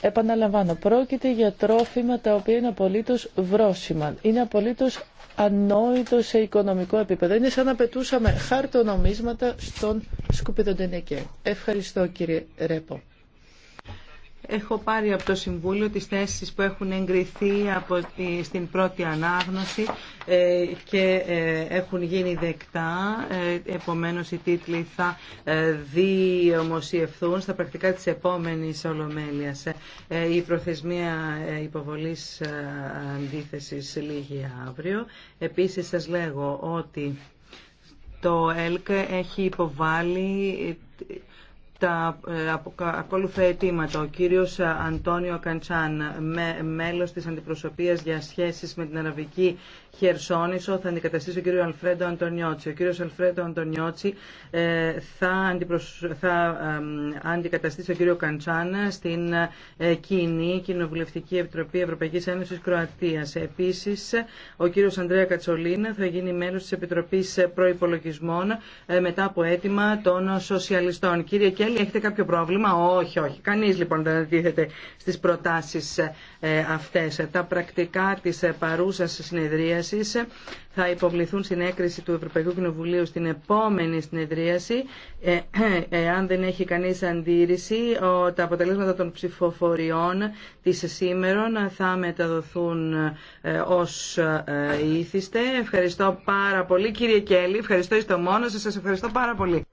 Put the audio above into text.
Επαναλαμβάνω, πρόκειται για τρόφιμα τα οποία είναι απολύτω βρόσιμα. Είναι απολύτω ανόητο σε οικονομικό επίπεδο. Είναι σαν να πετούσαμε χαρτονομίσματα στον σκουπιδοντενεκέ. Ευχαριστώ κύριε Ρέπο. Έχω πάρει από το Συμβούλιο τις θέσεις που έχουν εγκριθεί από τη, στην πρώτη ανάγνωση ε, και ε, έχουν γίνει δεκτά. Ε, επομένως, οι τίτλοι θα ε, διομοσιευθούν στα πρακτικά της επόμενης Ολομέλειας. Η προθεσμία υποβολής αντίθεσης λίγη αύριο. Επίσης, σας λέγω ότι το ΕΛΚ έχει υποβάλει τα ε, ακόλουθα αιτήματα. Ο κύριος Αντώνιο Καντσάν, μέλος της Αντιπροσωπείας για σχέσεις με την Αραβική Χερσόνησο, θα αντικαταστήσει ο κύριο Αλφρέντο Αντωνιώτσι. Ο κύριος Αλφρέντο Αντωνιώτσι ε, θα, θα αντικαταστήσει τον κύριο Καντσάν στην ε, κοινή Κοινοβουλευτική Επιτροπή Ευρωπαϊκής Ένωσης Κροατίας. Επίσης, ο κύριος Ανδρέα Κατσολίνα θα γίνει μέλος της Επιτροπής Προϋπολογισμών μετά από αίτημα των Σοσιαλιστών. Κύριε έχετε κάποιο πρόβλημα. Όχι, όχι. Κανείς λοιπόν δεν αντίθεται στις προτάσεις ε, αυτές. Τα πρακτικά της ε, παρούσας συνεδρίασης θα υποβληθούν στην έκριση του Ευρωπαϊκού Κοινοβουλίου στην επόμενη συνεδρίαση. Αν ε, δεν έχει κανείς αντίρρηση, τα αποτελέσματα των ψηφοφοριών της σήμερα θα μεταδοθούν ως ήθιστε. Ευχαριστώ πάρα πολύ κύριε Κέλλη, ευχαριστώ εις το μόνο σας ευχαριστώ πάρα πολύ.